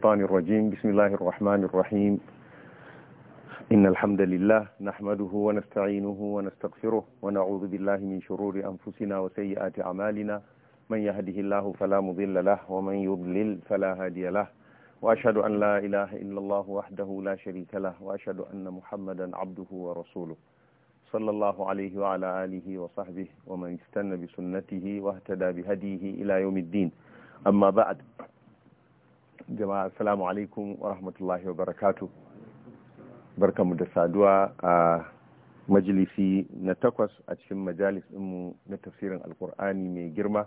الشيطان الرجيم بسم الله الرحمن الرحيم إن الحمد لله نحمده ونستعينه ونستغفره ونعوذ بالله من شرور أنفسنا وسيئات أعمالنا من يهده الله فلا مضل له ومن يضلل فلا هادي له وأشهد أن لا إله إلا الله وحده لا شريك له وأشهد أن محمدا عبده ورسوله صلى الله عليه وعلى آله وصحبه ومن استنى بسنته واهتدى بهديه إلى يوم الدين أما بعد jama'a salamu alaikum wa rahmatullahi wa barakatu barkamu da saduwa a majalisi na takwas a cikin majalis ɗinmu na tafsirin alkur'ani mai girma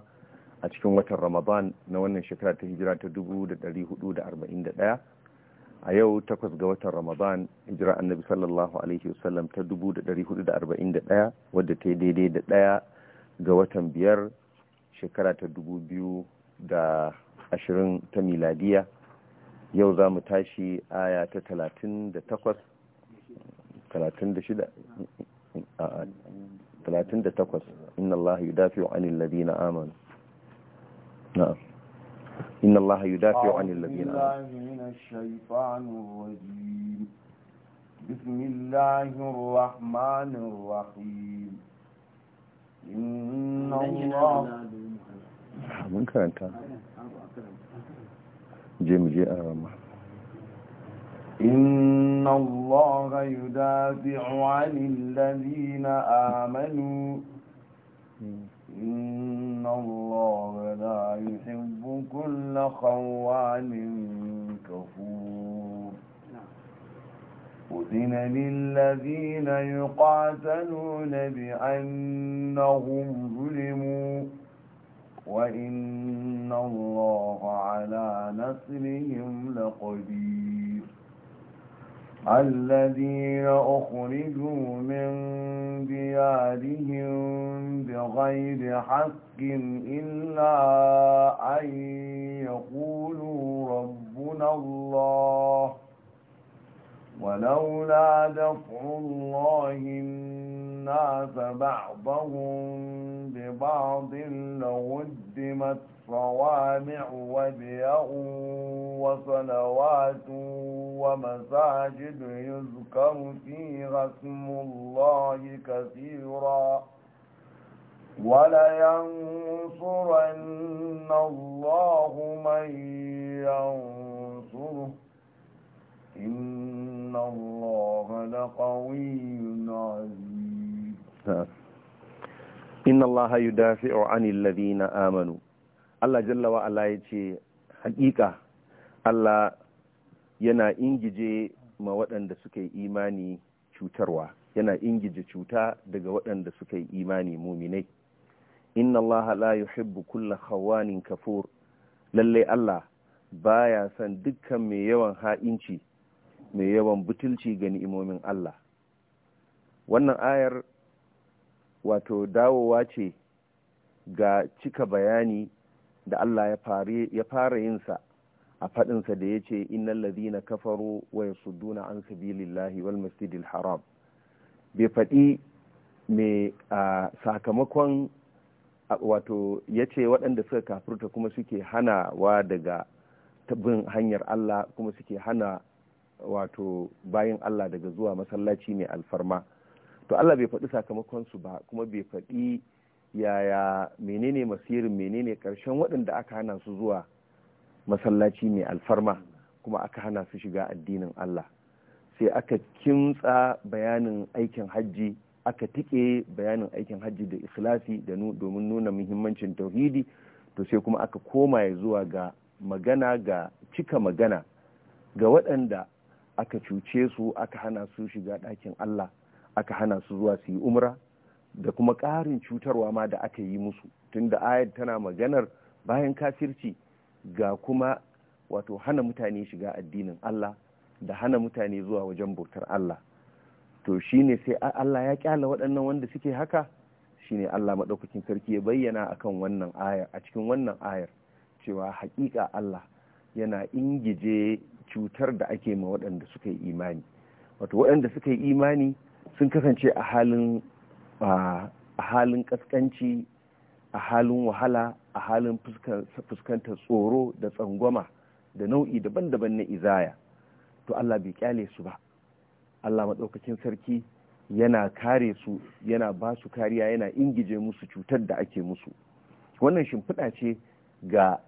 a cikin watan ramadan na wannan shekara ta hijira ta 1441 a yau takwas ga watan ramadan hijira annabi sallallahu alaihi wasallam ta 1441 wadda ta yi daidai da daya ga watan biyar shekara ta da ashirin ta miladiya yau za mu tashi aya ta talatin da takwas talatin da shida talatin da takwas inna Allah yi dafiyo anil ladina amanu na'am inna Allah yi dafiyo anil ladina amanu بسم الله الرحمن الرحيم إن الله من كانت جيم جي آرامة إن الله يدافع عن الذين آمنوا إن الله لا يحب كل خوان كفور أذن للذين يقاتلون بأنهم ظلموا وإن الله على نسلهم لقدير الذين أخرجوا من ديارهم بغير حق إلا أن يقولوا ربنا الله ولولا دفع الله الناس بعضهم ببعض لهدمت صوامع وبيع وصلوات ومساجد يذكر فيها اسم الله كثيرا ولينصرن الله من ينصره إن الله لقوي عزيز inna allaha yudafi'u 'anil ladina amanu Allah jalla wa ala yace hakika Allah yana ingije ma waɗanda suka yi imani cutarwa yana ingije cuta daga waɗanda suka yi imani muminai inna allaha la yuhibbu kulla khawanin kafur lalle Allah baya san dukkan mai yawan ha'inci mai yawan butulci ga ni'imomin Allah wannan ayar wato dawowa ce ga cika bayani da Allah ya fara yin sa a faɗinsa da ya ce innal ladhina kafaru wa yasudduna an sabilillahi wal masjidil haram bai faɗi me sakamakon wato ya ce waɗanda suka kafurta kuma suke hanawa daga bin hanyar Allah kuma suke hana wato bayan Allah daga zuwa masallaci mai alfarma to Allah bai faɗi sakamakonsu ba kuma bai faɗi yaya menene masirin menene ƙarshen waɗanda aka hana su zuwa masallaci mai alfarma kuma aka hana su shiga addinin Allah sai aka kintsa bayanin aikin hajji aka tike bayanin aikin hajji da ikhlasi da domin nuna muhimmancin tauhidi to sai kuma aka koma zuwa ga magana ga cika magana ga waɗanda aka cuce su aka hana su shiga ɗakin Allah aka hana su zuwa su yi umra da kuma ƙarin cutarwa ma da aka yi musu tunda ayat tana maganar bayan kafirci ga kuma wato hana mutane shiga addinin Allah da hana mutane zuwa wajen bautar Allah to shine sai Allah ya kyala waɗannan wanda suke haka shine Allah maɗaukakin sarki ya bayyana akan wannan ayar a cikin wannan ayar cewa haƙiƙa Allah yana ingije cutar da ake ma waɗanda suka yi imani wato waɗanda suka yi imani sun kasance a halin a halin kaskanci a halin wahala a halin fuskantar tsoro da tsangwama da nau'i daban-daban na izaya to Allah bai kyale su ba Allah maɗaukakin sarki yana kare su yana ba su kariya yana ingije musu cutar da ake musu wannan shimfiɗa ce ga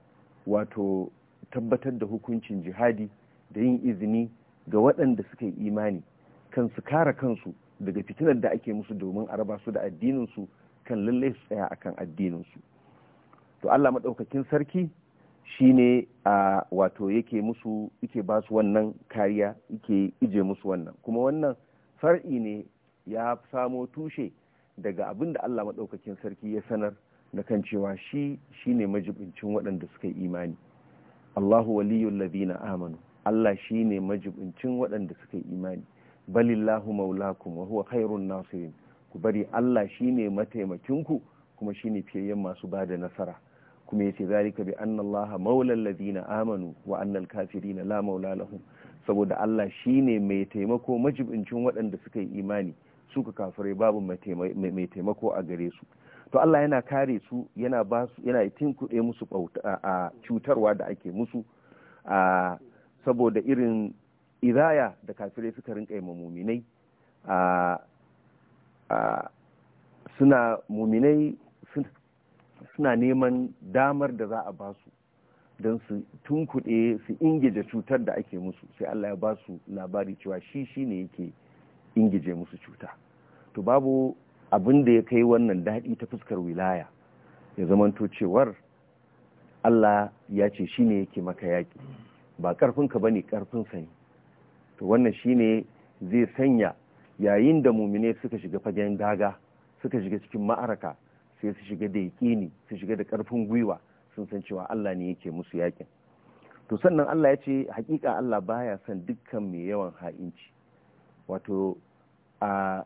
wato tabbatar da hukuncin jihadi da yin izini ga waɗanda suka yi imani kan su kare kansu daga fitinar da ake musu domin a raba su da addininsu kan lallai su tsaya akan addininsu to Allah maɗaukakin sarki shine a wato yake musu yake ba su wannan kariya yake ije musu wannan kuma wannan far'i ne ya samo tushe daga abin da Allah maɗaukakin sarki ya sanar na kan cewa shi shine majibincin waɗanda suka yi imani Allahu waliyul ladina amanu Allah shine majibincin waɗanda suka yi imani balillahu maulakum wa huwa khairun nasirin ku bari Allah shine mataimakinku kuma shine fiyayyen masu bada nasara kuma yace zalika bi anna Allah maulal ladina amanu wa annal kafirina la maula lahum saboda Allah shine mai taimako majibincin waɗanda suka yi imani suka kafirai babu mai taimako a gare su to Allah yana kare su yana ba su yana tinkuɗe musu a cutarwa da ake musu saboda irin izaya da kafirai suka rinka yi muminai suna muminai suna neman damar da za a ba su don su tunkuɗe su ingije cutar da ake musu sai Allah ya ba su labari cewa shi shi ne yake ingije musu cuta to babu abin da ya kai wannan daɗi ta fuskar wilaya ya zamanto cewar Allah ya ce shi ne yake maka yaƙi ba ƙarfinka ba ne ƙarfin ne to wannan shine zai sanya yayin da mumine suka shiga fagen daga suka shiga cikin ma'araka sai su shiga da yaƙini su shiga da ƙarfin gwiwa sun san cewa Allah ne yake musu yakin to sannan Allah ya ce hakika Allah baya son dukkan mai yawan ha'inci wato a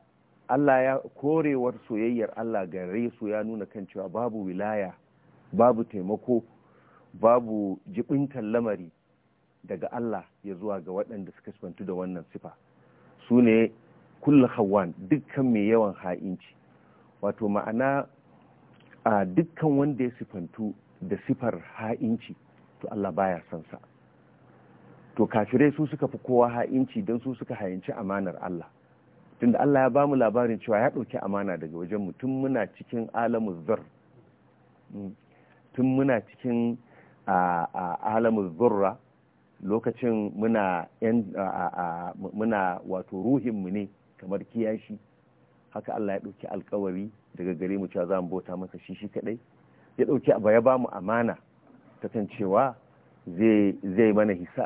Allah ya korewar soyayyar Allah gare su ya nuna kan cewa babu wilaya babu taimako babu jibintar lamari daga Allah ya zuwa ga waɗanda suka sifantu da wannan sifa su ne kulla hawan dukkan mai yawan ha'inci wato ma'ana a dukkan wanda ya sifantu da sifar ha'inci to Allah baya son sa to kafirai su suka fi kowa ha'inci don su suka ha'inci amanar Allah tunda Allah ya bamu labarin cewa ya ɗauki amana daga wajen mu tun muna cikin alamu hmm. zurra lokacin muna yan muna wato ruhinmu ne kamar kiyashi haka Allah ya ɗauki alkawari daga gare mu cewa za mu bauta masa shi shi kaɗai ya ɗauki abu ya ba mu amana cewa zai mana hisa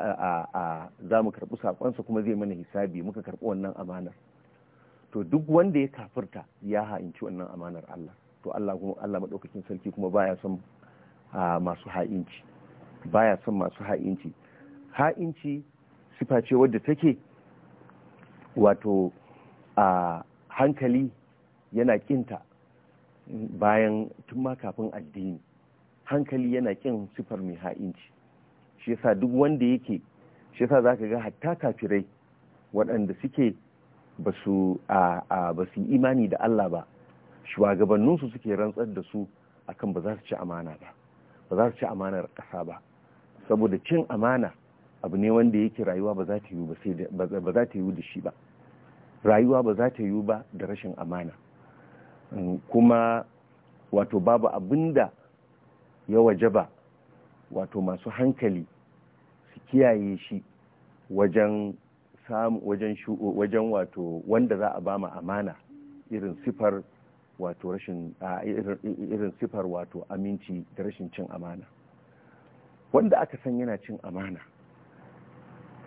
a za mu karɓi saƙonsa kuma zai mana hisabi muka karɓi wannan amanar to duk wanda ya kafirta ya ha'inci wannan amanar Allah to Allah kuma Allah madaukakin sarki kuma baya son masu ha'inci baya son masu ha'inci ha'inci sifa ce wadda take wato a hankali yana kinta bayan tun ma kafin addini hankali yana kin sifar mai ha'inci shi yasa duk wanda yake shi yasa zaka ga hatta kafirai waɗanda suke ba su yi imani da Allah ba shugabanninsu suke rantsar da su akan ba za su ci amana ba ba za su ci amanar ƙasa ba saboda cin amana abu ne wanda yake rayuwa ba za ta yiwu da shi ba rayuwa ba za ta yiwu ba da rashin amana mm, kuma wato babu abinda ya wajaba wato masu hankali su kiyaye shi wajen samu wajen wajen wato wanda za a ba ma amana irin sifar wato rashin irin sifar wato aminci da rashin cin amana wanda aka san yana cin amana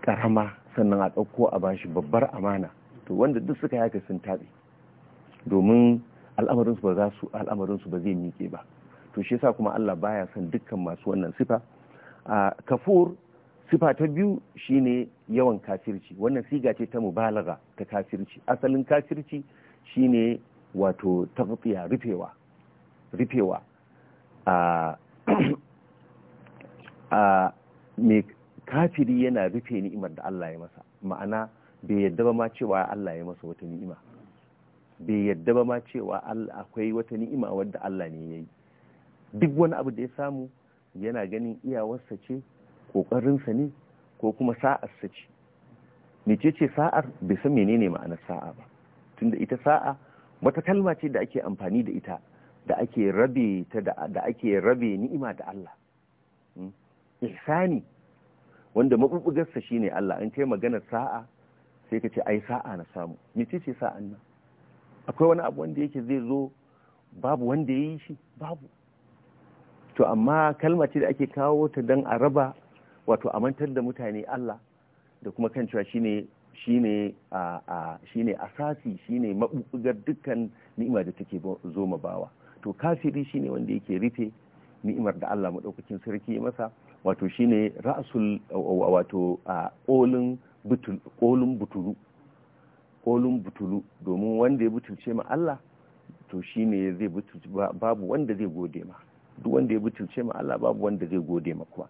karama sannan a ɗauko a bashi babbar amana to wanda duk suka yaka sun taɓe domin al'amarinsu ba za su al'amarinsu ba zai miƙe ba to shi yasa kuma Allah baya son dukkan masu wannan sifa a kafur sifa ta biyu shine yawan kafirci wannan siga ce ta mubalaga ta kafirci asalin kafirci shine wato tafiya rufewa rufewa a a kafiri yana rufe ni'imar da Allah ya masa ma'ana bai yadda ba ma cewa Allah ya masa wata ni'ima bai yadda ba ma cewa akwai wata ni'ima wadda Allah ne ya yi duk wani abu da ya samu yana ganin iyawarsa ce kokarinsa ne ko kuma sa'arsa ce mece ce sa'ar bai san menene ma'anar sa'a ba tunda ita sa'a wata kalma ce da ake amfani da ita da ake rabe ta da ake rabe ni'ima da Allah hmm? ihsani wanda mabubugarsa ne Allah an kai maganar sa'a sai ka ce ai sa'a na samu ce sa'an nan akwai wani abu wanda yake zai zo babu wanda ya yi shi babu to amma kalma ce da ake kawo ta don a raba wato a mantar da mutane Allah da kuma kan cewa shine shine a a shine asasi shine mabubugar dukkan ni'ima da take zo ma bawa to kafiri shine wanda yake rufe ni'imar da Allah madaukakin sarki masa wato shine ra'sul wato a kolin kolin butulu butulu domin wanda ya butulce ma Allah to shine zai butulce babu wanda zai gode ma duk wanda ya butulce ma Allah babu wanda zai gode ma kuwa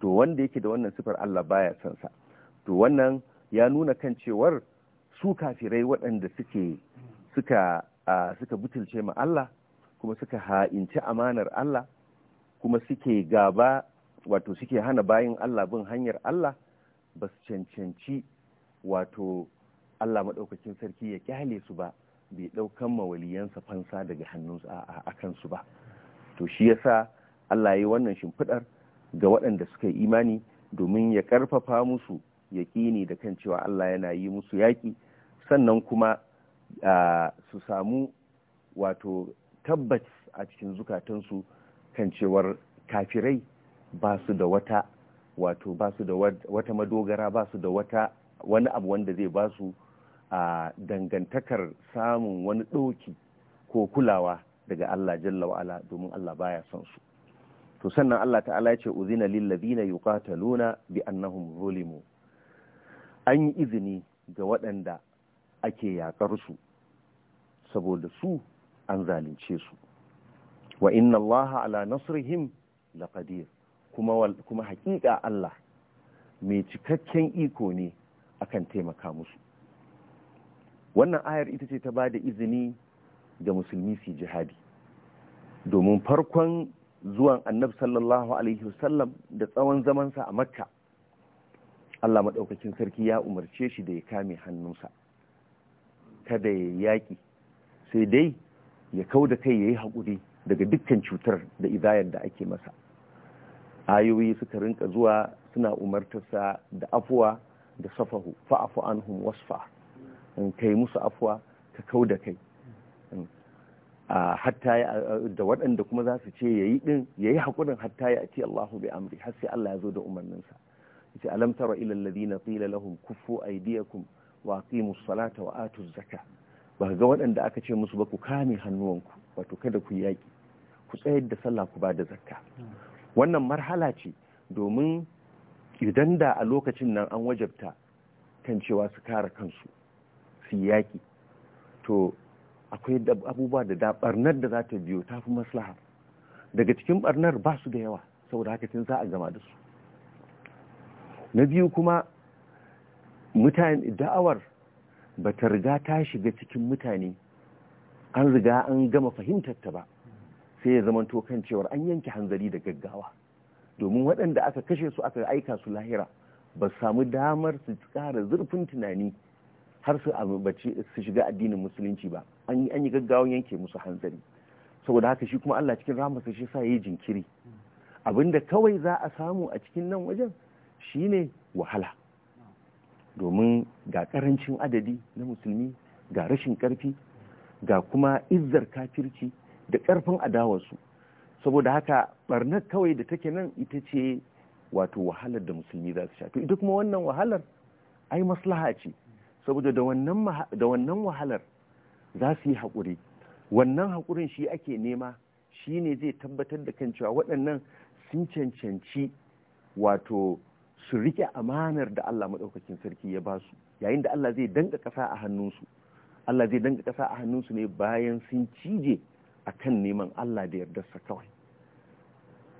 to wanda yake da wannan sifar Allah baya son sa to wannan ya nuna kan cewar su kafirai waɗanda suke suka suka butulce ma Allah kuma suka ha'inci amanar Allah kuma suke gaba wato suke hana bayin Allah bin hanyar Allah ba su cancanci wato Allah maɗaukacin sarki ya kyale su ba bai ɗaukan mawaliyansa fansa daga hannunsu a kansu ba to shi yasa Allah ya yi wannan shimfiɗar ga waɗanda suka yi imani domin ya ƙarfafa musu ya ƙini da kan cewa Allah yana yi musu yaƙi sannan kuma su samu wato tabbas a cikin zukatansu kan cewar kafirai ba su da wata wato ba su da wata madogara ba su da wata wani abu wanda zai ba su a dangantakar samun wani ɗoki ko kulawa daga Allah jalla wa'ala domin Allah baya son su to sannan Allah ta'ala ya ce uzina lil ladina yuqataluna bi annahum zulimu an yi izini ga waɗanda ake yakar su saboda su an zalunce su wa inna Allah ala nasrihim laqadir kuma kuma hakika Allah mai cikakken iko ne akan taimaka musu wannan ayar ita ce ta ba da izini ga musulmi su jihadi domin farkon zuwan annab sallallahu alaihi wasallam da tsawon zamansa a makka Allah maɗaukakin sarki ya umarce shi da ya kame hannunsa kada ya yaƙi sai dai ya kau da kai ya yi haƙuri daga dukkan cutar da idayar da ake masa ayoyi suka rinka zuwa suna umartarsa da afuwa da safahu fa'afu anhum wasfa kai musu afuwa ka kau da kai hatta da waɗanda kuma za su ce yayi din yayi hakurin hatta ya ati Allahu bi amri har sai Allah ya zo da umarninsa yace alam tara ila alladhina qila lahum kuffu aydiyakum wa aqimus salata wa atuz zakah ba ga waɗanda aka ce musu ba ku kame hannuwanku wato kada ku yaki ku tsayar da sallah ku ba da zakka wannan marhala ce domin idan da a lokacin nan an wajabta kan cewa su kara kansu su yaƙi to akwai abubuwa da da barnar da za ta biyo ta fi maslaha daga cikin barnar ba su da yawa saboda haka tun za a gama da su na biyu kuma mutane da'awar ba ta riga ta shiga cikin mutane an riga an gama fahimtar ta ba sai ya to kan cewar an yanke hanzari da gaggawa domin waɗanda aka kashe su aka aika su lahira ba samu damar su ƙara zurfin tunani har su su shiga addinin musulunci ba an yi gaggawan yanke musu hanzari saboda haka shi kuma Allah cikin rahamarsa shi sa yayi jinkiri abinda kawai za a samu a cikin nan wajen shine wahala domin ga karancin adadi na musulmi ga rashin karfi ga kuma izzar kafirci da ƙarfin adawarsu saboda haka barnar kawai da take nan ita ce wato wahalar da musulmi za su sha to ita kuma wannan wahalar ai maslaha ce saboda da wannan wahalar za su yi haƙuri wannan haƙurin shi ake nema shi ne zai tabbatar da kan cewa waɗannan sun cancanci wato su riƙe amanar da Allah maɗaukakin sarki ya ba su yayin da Allah zai danga ƙasa a hannunsu Allah zai danka ƙasa a hannunsu ne bayan sun cije a kan neman Allah da yardarsa kawai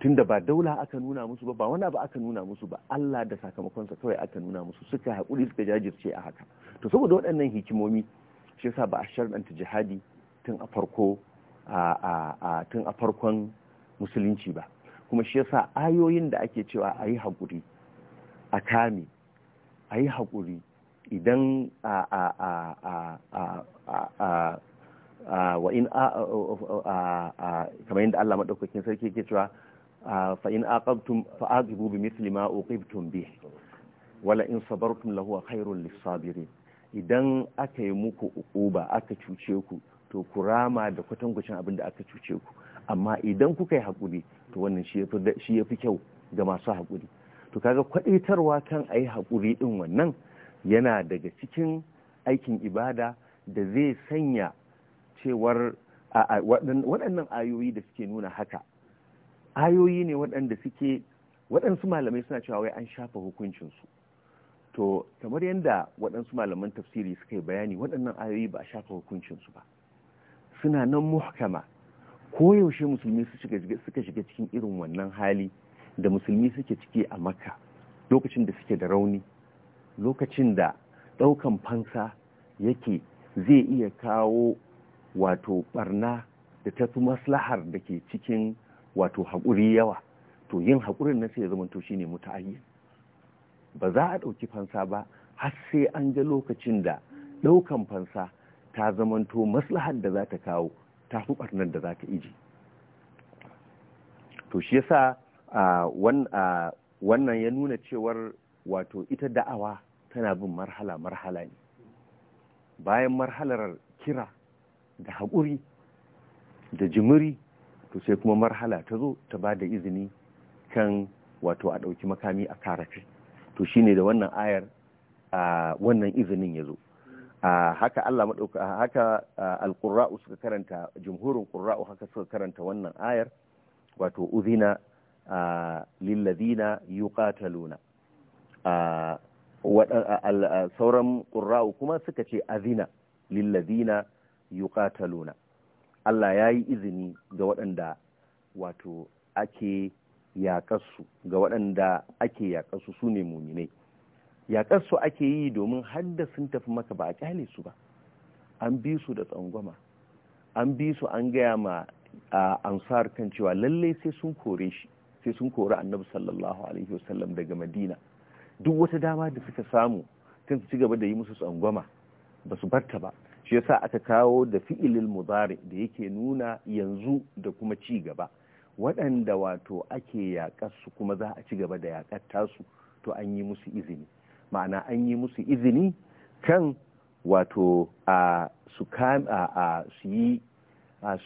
tunda ba daula aka nuna musu ba ba wani abu aka nuna musu ba Allah da sakamakonsa kawai aka nuna musu suka haƙuri suka jajirce a haka to saboda waɗannan hikimomi shi yasa ba a sharɗanta jihadi tun a farko a tun a farkon musulunci ba kuma shi yasa ayoyin da ake cewa a yi haƙuri a kame a yi haƙuri idan a wa in kamar yadda Allah madaukakin sarki yake cewa fa in aqabtum fa aqibu bi mithli ma uqibtum bi wala in sabartum lahu khairul lis-sabirin idan aka yi muku uquba aka cuce ku to ku rama da kwatankwacin abin da aka cuce ku amma idan kuka yi hakuri to wannan shi ya fi kyau ga masu hakuri to kaga kwadaitarwa kan ayi hakuri din ɗin wannan yana daga cikin aikin ibada da zai sanya cewar waɗannan ayoyi da suke nuna haka ayoyi ne waɗanda suke waɗansu malamai suna cewa wai an shafa hukuncinsu to kamar yadda waɗansu malaman tafsiri suka yi bayani waɗannan ayoyi ba a shafa hukuncinsu ba suna nan muhkama koyaushe musulmi suka shiga cikin irin wannan hali da musulmi suke ciki a makka lokacin da suke da rauni lokacin da ɗaukan fansa yake zai iya kawo wato barna da ta fi maslahar da ke cikin wato haƙuri yawa to yin haƙurin na sai ya zamanto shi ne ba za a ɗauki fansa ba har sai an ga lokacin da ɗaukan fansa ta zamanto maslahar da za ta kawo ta fi ɓarnar da za ta iji to shi yasa wannan ya nuna cewar wato ita da'awa tana bin marhala marhala ne bayan marhalar kira da haƙuri da jimiri to sai kuma marhala ta zo ta ba da izini kan wato a ɗauki makami a kara kai to shine da wannan ayar a wannan izinin ya zo haka Allah maɗauka haka alƙura'u suka karanta jumhurin ƙura'u haka suka karanta wannan ayar wato uzina lillazina yuqataluna sauran ƙura'u kuma suka ce azina lillazina yuqataluna Allah ya yi izini ga waɗanda wato ake yaƙarsu ga waɗanda ake yaƙarsu su ne muminai yaƙarsu ake yi domin da sun tafi maka ba a kyale su ba an bi su da tsangwama an bi su an gaya ma a ansar kan cewa lallai sai sun kore shi sai sun kori annabi sallallahu alaihi wasallam daga madina duk wata dama da suka samu kan su ci gaba da yi musu tsangwama ba su barta ba shi yasa aka kawo da fi'ilil mudari da yake nuna yanzu da kuma ci gaba waɗanda wato ake yaƙar su kuma za a ci gaba da yaƙar tasu to an yi musu izini ma'ana an yi musu izini kan wato a su yi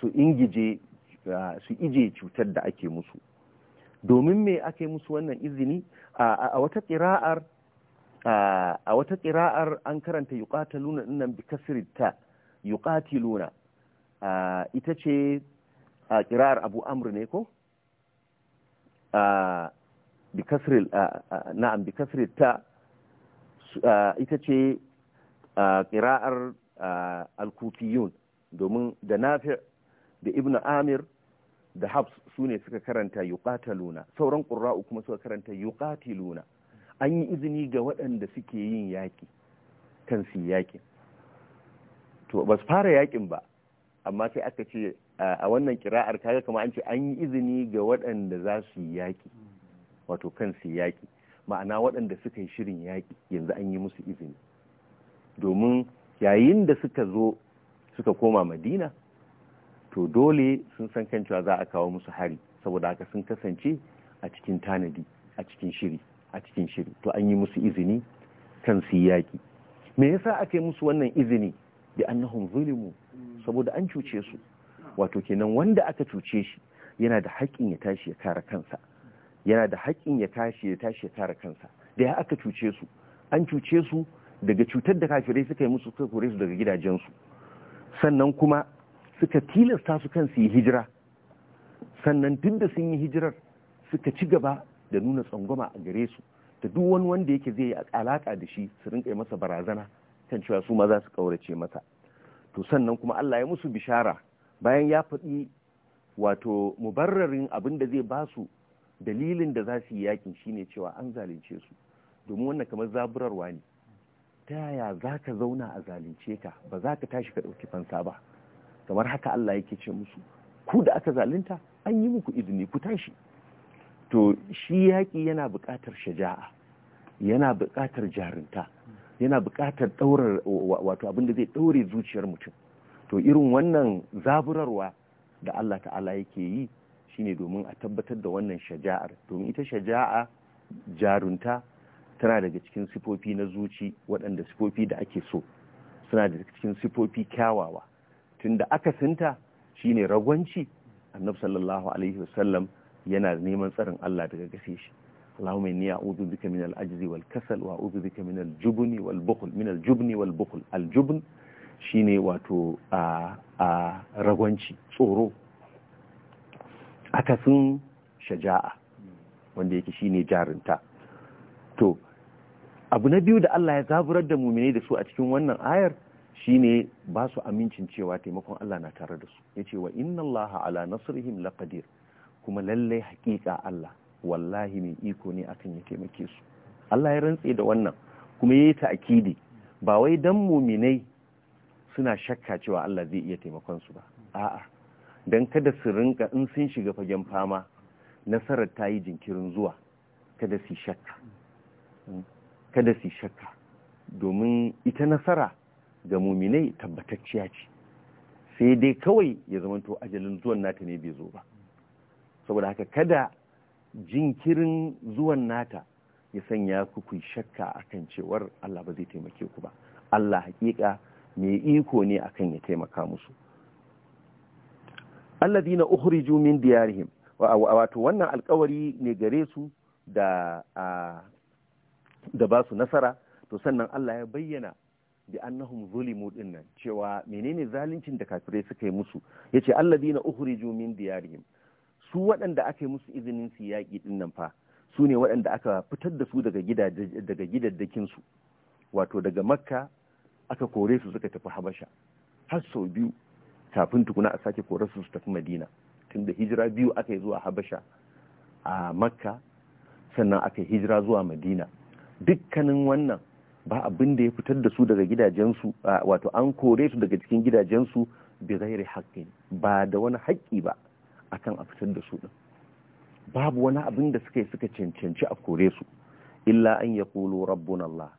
su ingije su ije cutar da ake musu domin me ake musu wannan izini a wata ƙira'ar a wata ƙira'ar an karanta yuqataluna dinnan bi kasrita yuqatiluna ita ce ƙira'ar Abu Amr ne ko bi kasri na'am bi kasrita ita ce ƙira'ar al-Kufiyun domin da Nafi da ibnu Amir da Habs su ne suka karanta yuqataluna sauran ƙurra'u kuma suka karanta yuqatiluna an yi izini ga waɗanda suke yin yaƙi kan su yi to ba su fara yaƙin ba amma sai aka ce a wannan kira'ar kaga kama an ce an yi izini ga waɗanda za su yi yaƙi wato kan su yaƙi ma'ana waɗanda suka yi shirin yaƙi yanzu an yi musu izini domin yayin da suka zo suka koma madina to dole sun san kan cewa za a kawo musu hari saboda haka sun kasance a cikin tanadi a cikin shiri a cikin shiri to an yi musu izini kan su yaƙi me yasa aka yi musu wannan izini bi annahum zulimu saboda an cuce su wato kenan wanda aka cuce shi yana da haƙƙin ya tashi ya kare kansa yana da haƙƙin ya tashi ya tashi ya kare kansa da ya aka cuce su an cuce su daga cutar da kafirai suka yi musu suka kore su daga gidajensu sannan kuma suka tilasta su kansu yi hijira sannan tun da sun yi hijirar suka ci gaba da nuna tsangwama a gare su da duk wani wanda yake zai yi alaka da shi su rinka masa barazana kan cewa su ma za su kaurace masa to sannan kuma Allah ya musu bishara bayan ya faɗi wato mubarrarin abin da zai ba su dalilin da za su yi yakin shine cewa an zalunce su domin wannan kamar zaburarwa ne ta yaya za ka zauna a zalunce ka ba za ka tashi ka ɗauki fansa ba kamar haka Allah yake ce musu ku da aka zalunta an yi muku izini ku tashi to shi yaƙi yana buƙatar shaja'a yana buƙatar jarinta yana buƙatar ɗaurar wato abin da zai ɗaure zuciyar mutum to irin wannan zaburarwa da Allah ta'ala yake yi shine domin a tabbatar da wannan shaja'ar domin ita shaja'a jarunta tana daga cikin sifofi na zuci waɗanda sifofi da ake so suna daga cikin sifofi kyawawa tunda aka sinta shine ragwanci annabi sallallahu alaihi wasallam yana neman tsarin Allah daga gase shi Allahumma inni a'udhu bika min al-ajzi wal kasal wa a'udhu bika min al-jubni wal bukhl min al-jubni wal bukhl al-jubn shine wato a a ragwanci tsoro akasin shaja'a wanda yake shine jarinta to abu na biyu da Allah ya zaburar da muminai da su a cikin wannan ayar shine ba su amincin cewa taimakon Allah na tare da su yace wa inna Allah ala nasrihim laqadir kuma lallai haƙiƙa Allah wallahi mai iko ne akan ya taimake su Allah ya rantse da wannan kuma yayi ta akidi ba wai dan muminai suna shakka cewa Allah zai iya taimakon su ba a'a dan kada su rinka in sun shiga fagen fama nasarar ta yi jinkirin zuwa kada su shakka hmm? kada su shakka domin ita nasara ga muminai tabbatacciya ce sai dai kawai ya zamanto ajalin zuwan nata ne bai zo ba saboda haka kada jinkirin zuwan nata ya sanya ku ku shakka akan cewar Allah ba zai taimake ku ba Allah hakika mai iko ne akan ya taimaka musu alladhina ukhriju min diyarihim wato wannan alkawari ne gare su da da ba su nasara to sannan Allah ya bayyana bi annahum zulimu dinnan cewa menene zaluncin da kafirai suka yi musu yace alladhina ukhriju min diyarihim su waɗanda aka yi musu izinin su yaƙi ɗin nan fa su ne waɗanda aka fitar da su daga gidaddakin su wato daga makka aka kore su suka tafi habasha har sau biyu kafin tukuna a sake kore su su tafi madina tun da hijira biyu aka yi zuwa habasha a makka sannan aka yi hijira zuwa madina dukkanin wannan ba abin da ya fitar da su daga gidajensu wato an kore su daga cikin gidajensu bi ghairi ba da wani haƙƙi ba akan a fitar da su din babu wani abin da suka yi suka cancanci a kore su illa an ya kulu rabbun Allah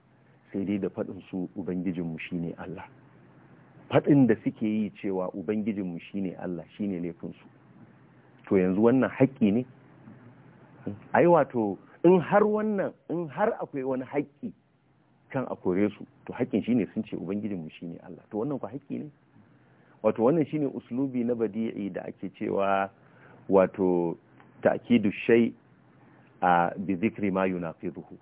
sai dai da faɗin su ubangijinmu shine Allah faɗin da suke yi cewa ubangijinmu shine Allah shine laifinsu to yanzu wannan haƙƙi ne ai wato in har wannan in har akwai wani haƙƙi kan a kore su to haƙƙin shine sun ce ubangijinmu shine Allah to wannan ku haƙƙi ne wato wannan shine uslubi na badi'i da ake cewa wato ta'kidu shai a bi zikri ma yunafiduhu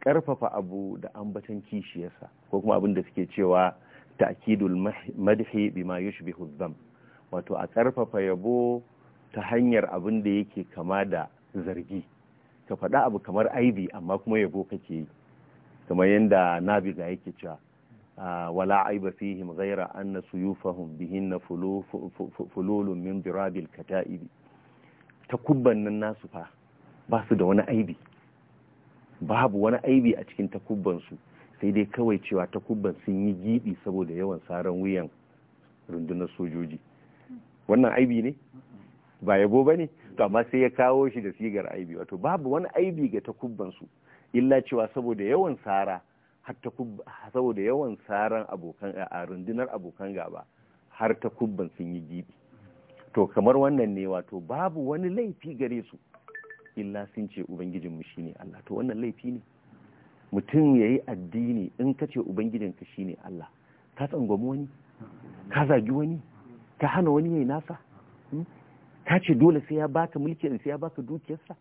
karfafa abu da ambatan kishiyarsa ko kuma abin da suke cewa ta'kidul madhi ma yushbihu dham wato a karfafa yabo ta hanyar abin da yake kama da zargi ka faɗa abu kamar aibi amma kuma yabo kake yi kamar yadda nabiga yake cewa wala aiba fihim ghaira anna suyufahum bihinna fululun min dirabil kata'ibi takubban nan nasu fa ba su da wani aibi babu wani aibi a cikin su sai dai kawai cewa takubban sun yi gibi saboda yawan saran wuyan rundunar sojoji wannan aibi ne ba yabo ba ne to amma sai ya kawo shi da sigar aibi wato babu wani aibi ga su illa cewa saboda yawan sara saboda yawan saran abokan a rundunar abokan gaba har takubban sun yi gibi to kamar wannan ne wato babu wani laifi gare su illa sun ce ubangijinmu shine Allah to wannan laifi ne mutum ya yi addini in ka ce ubangijinka shine Allah ka tsangwami wani ka zagi wani ka hana wani ya yi nasa hmm? ka ce dole sai ya baka mulki sai ya baka dukiyarsa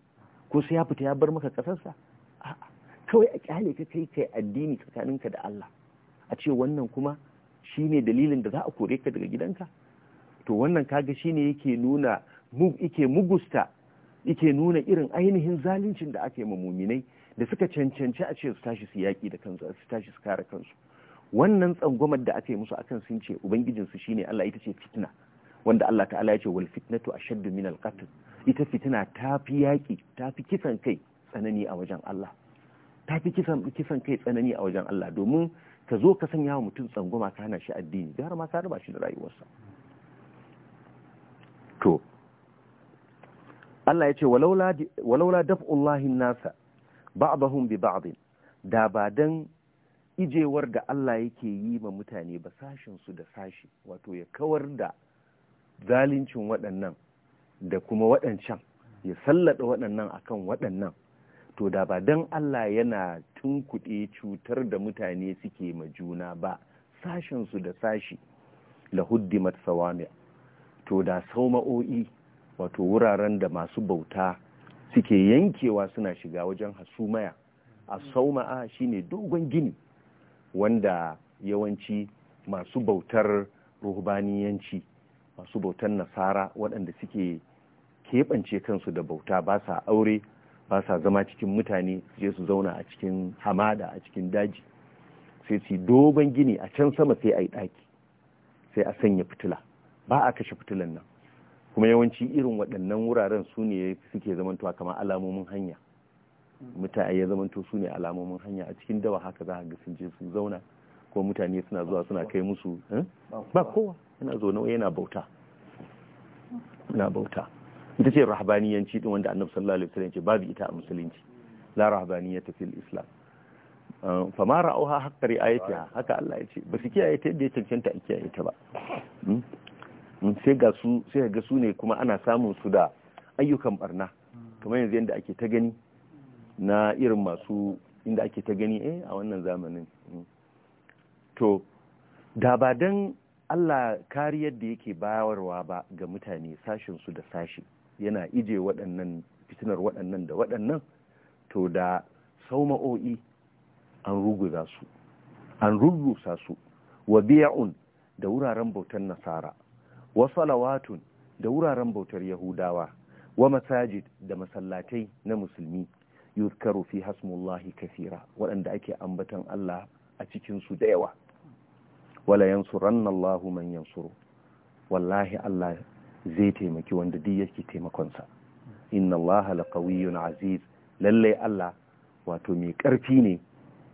ko sai ya fita ya bar maka kasarsa a'a kawai a kyale ka kai kai addini tsakaninka da Allah a ce wannan kuma shine dalilin da za a kore ka daga gidanka to wannan kaga shine yake nuna yake mugusta yake nuna irin ainihin zaluncin da aka yi ma muminai da suka cancanci a ce su tashi su yaƙi da kansu su tashi su kare kansu wannan tsangwamar da aka yi musu akan sun ce ubangijinsu shine Allah ita ce fitna wanda Allah ta'ala ya ce wal fitnatu ashaddu min al qatl ita fitina ta fi yaƙi ta fi kisan kai tsanani a wajen Allah ta fi kisan kisan kai tsanani a wajen Allah domin ka zo ka sanya wa mutum tsangwama ka hana shi addini da har ma ka raba shi da rayuwarsa to Allah ya ce walaula daf'ullahin nasa ba'dahum bi ba'din da ba dan ijewar da Allah yake yi ma mutane ba sashin su da sashi wato ya kawar da zalincin waɗannan da kuma waɗancan ya sallada waɗannan akan waɗannan to da ba dan Allah yana tun tunkuɗe cutar da mutane suke ma juna ba sashin su da sashi la huddimat sawami' to da sauma'o'i wato wuraren da masu bauta suke yankewa suna shiga wajen hasumaya a sauma'a shine dogon gini wanda yawanci masu bautar ruhbaniyanci masu bautar nasara waɗanda suke keɓance kansu da bauta ba sa aure ba sa zama cikin mutane su je su zauna a cikin hamada a cikin daji sai su dogon gini a can sama sai a yi ɗaki sai a sanya fitila ba a kashe fitilan nan kuma yawanci irin waɗannan wuraren su ne suke zamantowa kamar alamomin hanya mutane ya zamanto su ne alamomin hanya a cikin dawa haka za a ga sun je su zauna ko mutane suna zuwa suna kai musu eh? ba kowa yana zo nawa yana bauta na bauta ita ce rahabaniyanci din wanda annabi sallallahu alaihi wasallam ce babu ita a musulunci la rahabaniyata fil islam fa ma ra'uha haqqa ri'ayatiha haka Allah ya ce ba su kiyaye ta yadda ya cancanta a kiyaye ta ba hmm? sai ga su sai ga su ne kuma ana samun su da ayyukan barna kamar yanzu yadda ake ta gani na irin masu inda ake ta gani eh a wannan zamanin mm. to da ba dan Allah kariyar da yake bayarwa ba ga mutane sashin su da sashi yana ije waɗannan fitinar waɗannan da waɗannan to da sauma'o'i an ruguza su an rugusa su wa biya'un da wuraren bautan nasara wa salawatun da wuraren bautar yahudawa wa masajid da masallatai na musulmi yuzkaru fi hasmullahi kafira waɗanda ake ambatan Allah a cikin su da yawa wala yansuranna Allahu man yansuru wallahi Allah zai taimaki wanda duk yake taimakonsa inna Allah laqawiyyun aziz lalle Allah wato mai karfi ne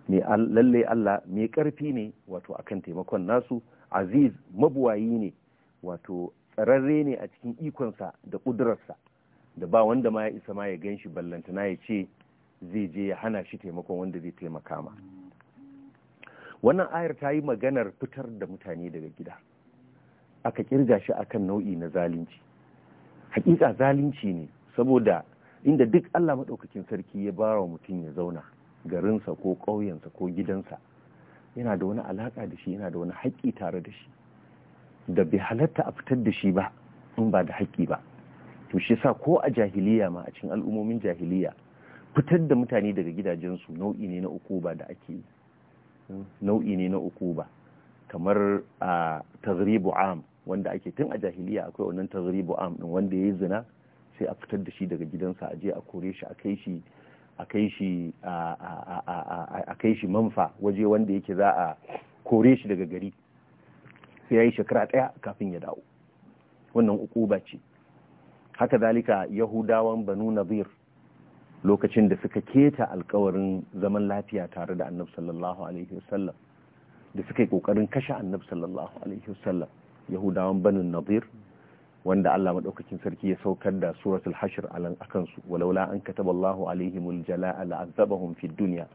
mai lalle Allah mai karfi ne wato akan taimakon nasu aziz mabuwayi ne wato tsararre ne a cikin ikonsa da ƙudurarsa da ba wanda ma ya isa ma ya gan shi ballantana ya ce zai je ya hana shi taimakon wanda zai taimaka ma wannan ayar ta yi maganar fitar da mutane daga gida aka kirga shi a kan nau'i na zalunci hakika zalunci ne saboda inda duk Allah maɗaukakin sarki ya ba wa mutum ya zauna garinsa ko ƙauyensa ko gidansa yana da wani alaƙa da shi yana da wani haƙƙi tare da shi da bai halatta a fitar da shi ba in ba da haƙƙi ba to shi sa ko a jahiliya ma a cikin al'ummomin jahiliya fitar da mutane daga gidajensu nau'i ne na ba da ake yi hmm, nau'i ne na uku ba kamar a tazribu am wanda ake tun a jahiliya akwai wannan tazribu am din wanda yayi zina sai a fitar da shi daga gidansa a je a kore shi a kai shi a kai shi a kai shi manfa waje wanda yake za a kore shi daga gari sai ya yi shekara ɗaya kafin ya dawo wannan ukuba ce haka zalika yahudawan banu nazir lokacin da suka keta alkawarin zaman lafiya tare da annab sallallahu alaihi wasallam da suka yi kokarin kashe annab sallallahu alaihi wasallam yahudawan banu nazir wanda Allah madaukakin sarki ya saukar da suratul hashr alan akan su walaula an kataballahu alaihimul jalaa la'azabahum fid dunya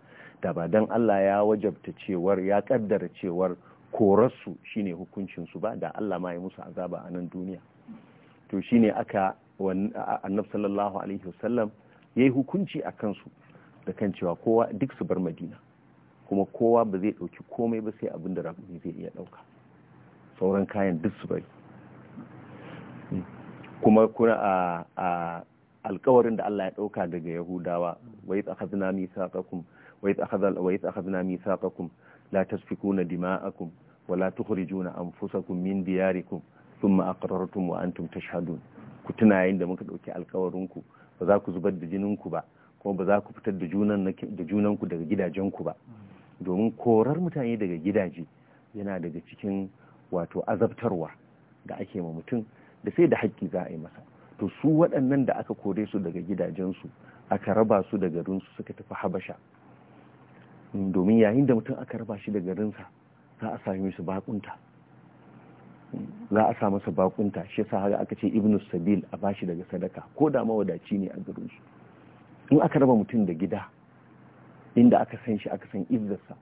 da ba dan Allah ya wajabta cewar ya kaddara cewar korarsu shine hukuncinsu ba da Allah ma ya musu azaba a nan duniya to shine aka annab sallallahu alaihi wasallam ya yi hukunci a kansu da kan cewa kowa duk su bar madina kuma kowa ba zai ɗauki komai ba sai abin da rabbi zai iya ɗauka sauran kayan duk su bari kuma kuna a alkawarin da Allah ya ɗauka daga yahudawa wa yi tsakazina misaqakum wa yi tsakazina misaqakum la tasfikuna dima'akum wala tukhrijuna anfusakum min diyarikum thumma aqrartum wa antum tashhadun ku tuna yayin da muka dauki alkawarin ku ba za ku zubar da jinin ku ba kuma ba za ku fitar da junan da junan ku daga gidajen ku ba domin korar mutane daga gidaje yana daga cikin wato azabtarwa da ake ma mutum da sai da haƙƙi za a yi masa to su waɗannan da aka kore su daga gidajensu aka raba su da garinsu suka tafi habasha domin yayin da mutum aka raba shi da garinsa za a sami su bakunta za a samu su bakunta shi sa haka aka ce ibnu sabil a bashi daga sadaka ko da mawadaci ne a garin su in aka raba mutum da gida inda aka san shi aka san izzarsa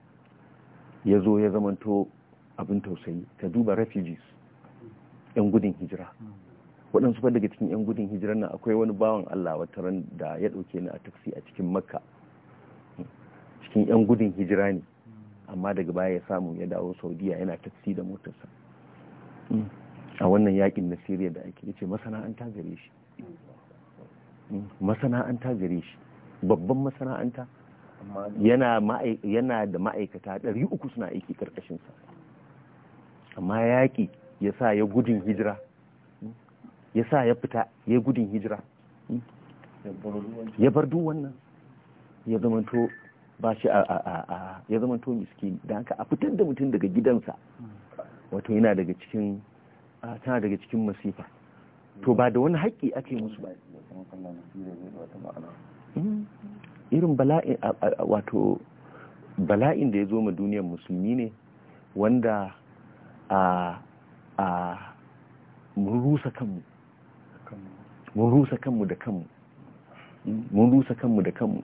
ya zo ya zamanto abin tausayi ka duba refugees yan gudun hijira waɗansu daga cikin yan gudun hijira na akwai wani bawan Allah wata ran da ya ɗauke ni a taksi a cikin makka cikin yan gudun hijira ne amma daga baya ya samu ya dawo saudiya yana taksi da motarsa a wannan yakin na siriya da ake ce masana'anta gare shi mm, masana'anta gare shi babban masana'anta yana da ma'aikata 300 suna aiki sa, amma yaƙi ya sa ya gudun hijira mm, ya sa ya fita ya gudun hijira mm, ya bar duk wannan ya to ba shi a ya zama to miskini da haka a fitar da mutum daga gidansa wato yana daga cikin tana daga cikin masifa to ba da wani haƙƙi ake musu ba irin bala'in wato bala'in da ya zo ma duniyar musulmi ne wanda a a mun rusa kanmu mun rusa kanmu da kanmu mun rusa kanmu da kanmu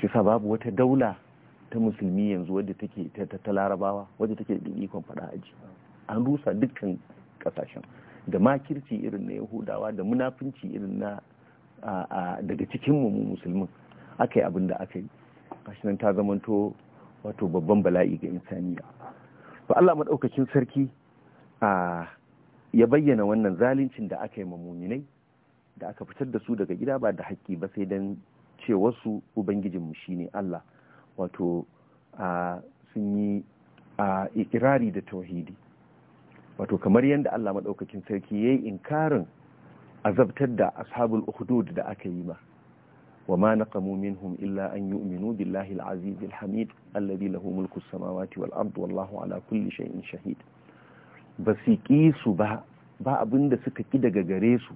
shi sa babu wata daula ta musulmi yanzu wadda take ta larabawa wadda take da ikon fada aji an rusa dukkan kasashen da makirci irin na yahudawa da munafunci irin na daga cikin mu musulmin aka yi abin da aka yi nan ta zamanto wato babban bala'i ga insaniya to Allah maɗaukacin sarki ya bayyana wannan zaluncin da aka yi mamuninai da aka fitar da su daga gida ba da haƙƙi ba sai dan cewarsu ubangijinmu shine Allah wato sun yi ikirari da tauhidi wato kamar yadda Allah maɗaukakin sarki ya yi inkarin azabtar da ashabul ukhdud da aka yi ma wa ma min minhum illa an uminu billahi al-aziz al-hamid lahu mulku samawati wal ardi wallahu ala kulli shay'in shahid basiqi su ba ba abinda suka ƙi daga gare su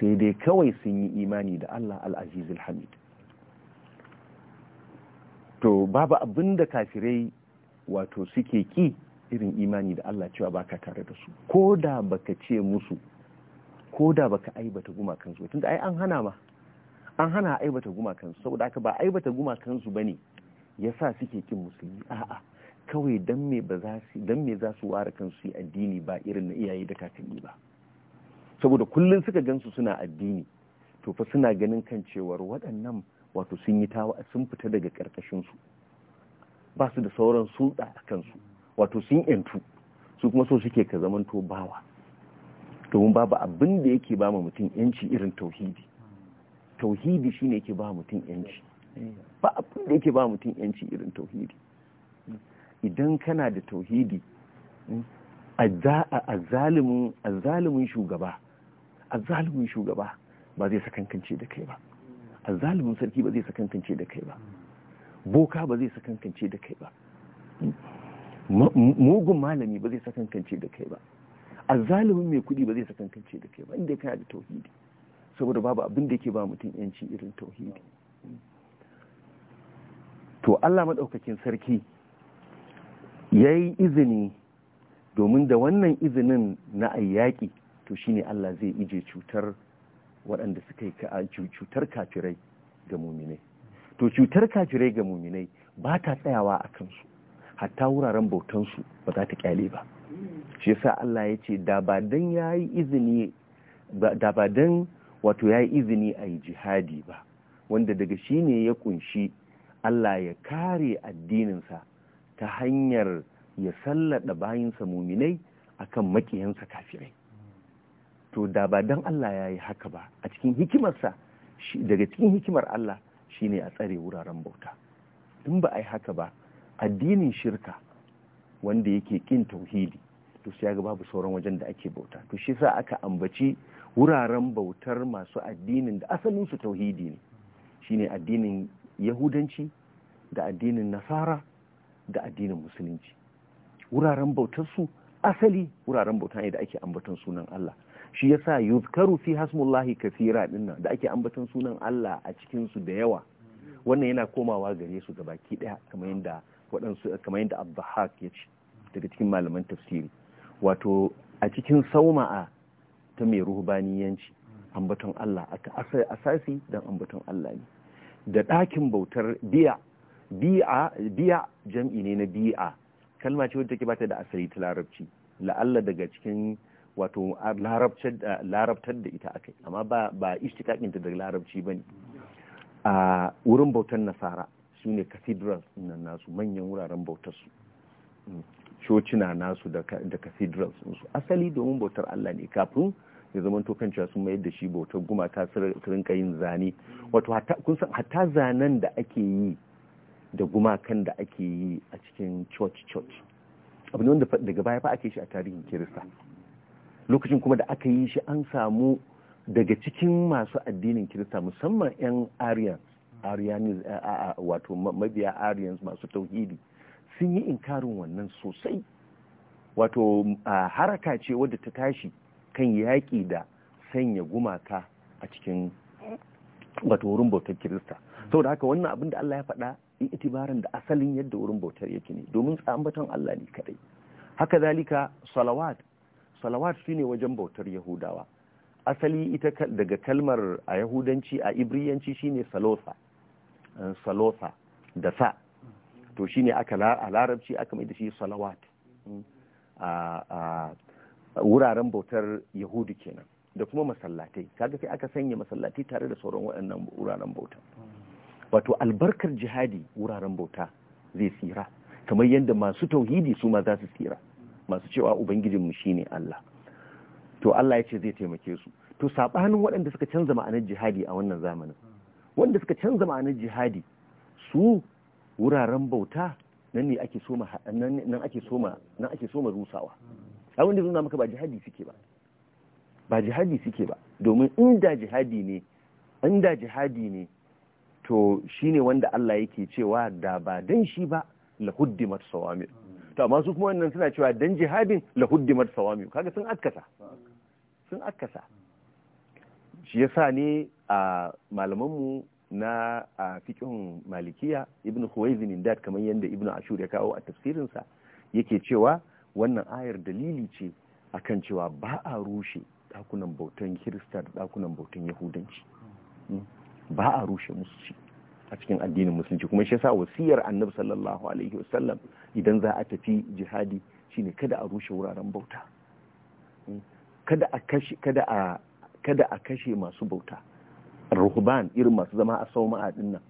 sai dai kawai sun yi imani da Allah al-aziz al-hamid to babu abin da kafirai wato suke ki irin imani da Allah cewa baka tare da su ko da baka ce musu ko da baka aibata gumakan su tunda ai an hana ma an hana aibata gumakan su saboda haka ba aibata gumakan su bane yasa suke kin musulmi a'a kawai dan me ba za su dan me za su ware kansu yi addini ba irin na iyaye da kakanni ba saboda kullun suka gansu suna addini to fa suna ganin kan cewar waɗannan wato sun yi tawa sun fita daga ƙarƙashinsu ba su da sauran sulɗa a kansu wato sun yantu su kuma so suke ka zamanto bawa domin babu abin da yake ba ma mutum yanci irin tauhidi tauhidi shine yake ba mutum yanci ba abin da yake ba mutum yanci irin tauhidi idan kana da tauhidi a shugaba shugaba ba zai sakankance da kai ba azzalumin sarki ba zai sakankance da kai ba boka ba zai sakankance da kai ba mugun malami ba zai sakankance da kai ba azzalumin mai kudi ba zai sakankance da kai ba inda kana da tauhidi saboda babu abin da yake ba mutum yanci irin tauhidi to Allah maɗaukakin sarki yayi izini domin da wannan izinin na ayyaki to shine Allah zai ije cutar waɗanda suka yi cutar kafirai ga muminai to cutar kafirai ga muminai ba ta tsayawa a kansu hatta wuraren bautansu ba za ta kyale ba shi yasa Allah ya ce da ba don wato ya yi izini a yi jihadi ba wanda daga shi ne ya kunshi Allah ya kare addininsa ta hanyar ya sallada bayinsa muminai akan makiyansa kafirai to da ba dan Allah ya yi haka ba a cikin hikimarsa daga cikin hikimar Allah shi ne a tsare wuraren bauta in ba a yi haka ba addinin shirka wanda yake kin tauhidi to sai ga babu sauran wajen da ake bauta to shi sa aka ambaci wuraren bautar masu addinin da asalin su tauhidi ne shine addinin yahudanci da addinin nasara da addinin musulunci wuraren bautar su asali wuraren bauta ne da ake ambaton sunan Allah shi yasa yuzkaru fi hasmullahi kasira dinna da ake ambaton sunan Allah a cikin su da yawa wannan yana komawa gare su baki daya kamar yadda waɗansu kamar yadda ya ce daga cikin malaman tafsiri wato a cikin sauma a ta mai ruhbaniyanci ambaton Allah aka asasi dan ambaton Allah ne da ɗakin bautar biya jam'i ne na biya kalma ce wadda take bata da asali ta larabci la'alla daga cikin wato larabtar da ita akai amma ba ba da larabci daga larabci a wurin bautar nasara su ne cathedral nan nasu manyan wuraren bautar su mm. cocina nasu da cathedral su asali domin bautar Allah ne kafin ya zama to kan sun mayar da shi bautar gumaka su rinka yin zane wato kun hatta zanen da ake yi da gumakan da ake yi a cikin church church abin wanda daga baya fa ake shi a tarihin kirista lokacin kuma da aka yi shi an samu daga cikin masu addinin kirista musamman 'yan arians arianism wato mabiya arians masu tauhidi sun yi inkarin wannan sosai wato haraka ce wadda ta tashi kan yaƙi da sanya gumaka a cikin wato wurin bautar kirista saboda haka wannan abin da Allah ya faɗa in itibaran da asalin yadda wurin bautar yake ne domin tsambatan Allah ne kadai haka zalika salawat salawat shine wajen bautar yahudawa asali ita daga kalmar a yahudanci a ibriyanci shine salosa eh, salosa da sa to shine aka a larabci aka mai da shi salawat hmm. a wuraren bautar yahudu kenan da kuma masallatai kaga sai aka sanya masallatai tare da sauran waɗannan wuraren bauta wato albarkar jihadi wuraren bauta zai tsira kamar yadda masu tauhidi su ma za su tsira masu cewa ubangijin mu shine Allah to Allah ya ce zai taimake su to sabanin waɗanda suka canza ma'anar jihadi a wannan zamanin wanda suka canza ma'anar jihadi su wuraren bauta nan ne ake soma nan ake soma nan ake soma rusawa a wanda zuna maka ba jihadi suke ba ba jihadi suke ba domin inda jihadi ne inda jihadi ne to shine wanda Allah yake cewa da ba dan shi ba la huddimat sawamil to amma su kuma wannan suna cewa dan jihadin la huddimat sawami kaga sun akkasa sun akkasa shi yasa ne a malaman mu na a fiqhun malikiya ibnu khuwaizin dat kamar yanda ibnu ashur ya kawo a tafsirin sa yake cewa wannan ayar dalili ce akan cewa ba a rushe dakunan bautan kirista da dakunan bautan yahudanci hmm. ba a rushe musu a cikin addinin musulunci kuma shi yasa wasiyar annabi sallallahu alaihi wasallam idan za a tafi jihadi shine kada a rushe wuraren bauta hmm? kada a kashe kada a kada a kashe masu bauta ruhban irin masu zama a sauma a dinna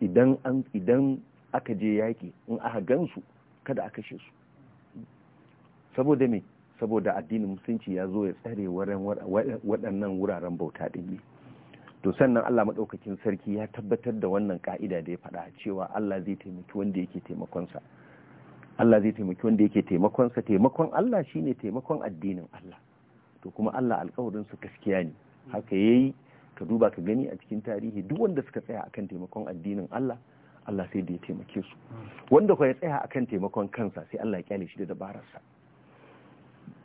idan an idan aka je yaki in aka gansu kada a kashe su saboda me saboda addinin musulunci ya zo ya tsare waɗannan wuraren bauta din ne to sannan Allah maɗaukakin sarki ya tabbatar da wannan ka'ida da ya faɗa cewa Allah zai taimaki wanda yake taimakonsa Allah zai taimaki wanda yake taimakonsa taimakon Allah shine taimakon addinin Allah to kuma Allah alƙawarin su gaskiya ne haka yayi ka duba ka gani a cikin tarihi duk wanda suka tsaya akan taimakon addinin Allah Allah sai da ya taimake su wanda kuwa ya tsaya akan taimakon kansa sai Allah ya kyale shi da dabararsa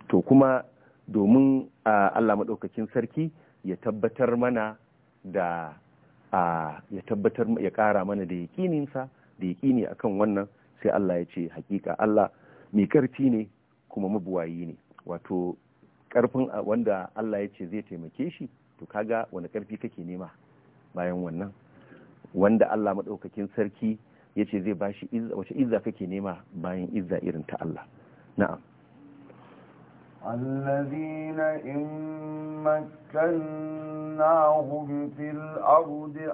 to kuma domin ah, Allah maɗaukakin sarki ya tabbatar mana da ya tabbatar ya ƙara mana da yaƙininsa da yaƙini akan wannan sai Allah ya ce hakika Allah mai ƙarfi ne kuma mabuwayi ne wato ƙarfin wanda Allah ya ce zai taimake shi to kaga wani ƙarfi kake nema bayan wannan wanda Allah maɗaukakin sarki ya ce zai ba shi wace izza kake nema bayan izza irin ta Allah na'am الذين إن مكناهم في الأرض a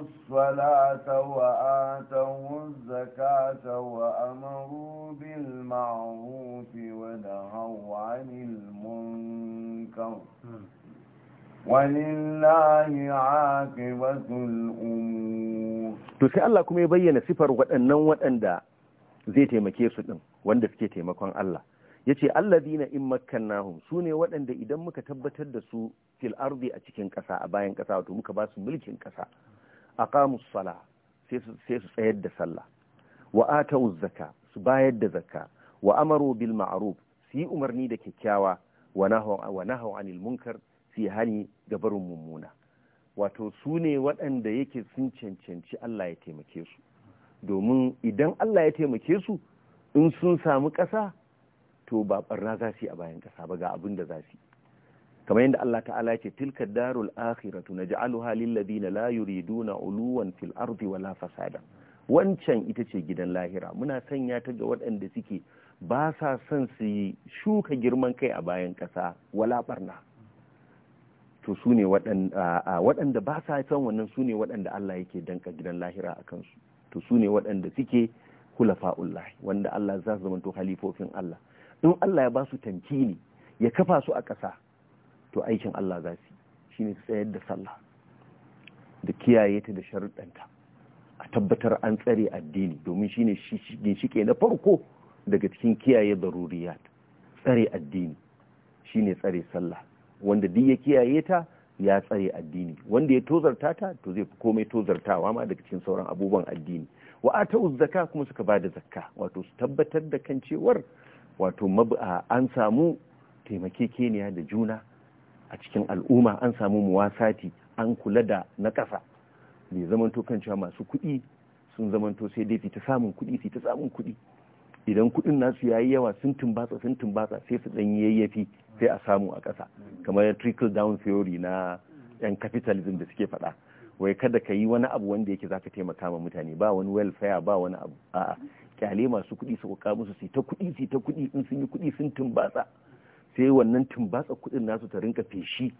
الصلاة وآتوا الزكاة وأمروا بالمعروف ونهوا عن المنكر walillahi aqibatul umur to sai Allah kuma ya bayyana sifar waɗannan waɗanda zai taimake su ɗin, wanda suke taimakon Allah ya ce allazina in makkannahum su ne waɗanda idan muka tabbatar da su fil ardi a cikin ƙasa a bayan ƙasa wato muka ba su mulkin ƙasa aqamus sala sai su tsayar da sallah wa ta zakka su bayar da zakka wa amaru bil ma'ruf su yi umarni da kyakkyawa wa hawanilmunkar anil munkar su hani ga barin mummuna wato su ne waɗanda yake sun cancanci Allah ya taimake su domin idan Allah ya taimake su in sun samu ƙasa to ba barna za su yi a bayan ƙasa ba ga abin da za su yi kamar yadda Allah ta'ala ce tilka darul akhiratu naj'aluha lil ladina la yuriduna uluwan fil ardi wala fasada wancan ita ce gidan lahira muna sanya ta ga waɗanda suke ba sa son su yi shuka girman kai a bayan ƙasa wala barna to su ne waɗanda ba sa son wannan su ne waɗanda Allah yake danka gidan lahira a kansu to su ne waɗanda suke hulafa'ullahi wanda Allah za su zamanto halifofin Allah in Allah ya ba su tamkini ya kafa su a ƙasa to aikin Allah za su shi ne tsayar da sallah da kiyaye ta da sharuɗanta a tabbatar an tsare addini domin shi ne ginshike na farko daga cikin kiyaye daruriyat tsare addini shi ne tsare sallah wanda duk ya kiyaye ta ya tsare addini wanda ya tozarta ta to zai fi komai tozartawa ma daga cikin sauran abubuwan addini wa ta zakka kuma suka ba da zakka wato su tabbatar da kan cewar wato an samu taimakekeniya da juna a cikin al'umma an samu muwasati an kula da na ƙasa bai zamanto kan cewa masu kuɗi sun zamanto sai dai fita samun kuɗi fita samun kuɗi idan kuɗin nasu yayi yawa sun tumbatsa sun tumbatsa sai su ɗan yayyafi sai a samu a ƙasa kamar trickle down theory na yan capitalism da suke faɗa wai kada ka yi wani abu wanda yake zaka taimaka ma mutane ba wani welfare ba wani abu a'a kyale masu kuɗi su kuka musu su ta kuɗi su ta kuɗi in sun yi kuɗi sun tumbatsa sai wannan tumbatsa kuɗin nasu ta rinka feshi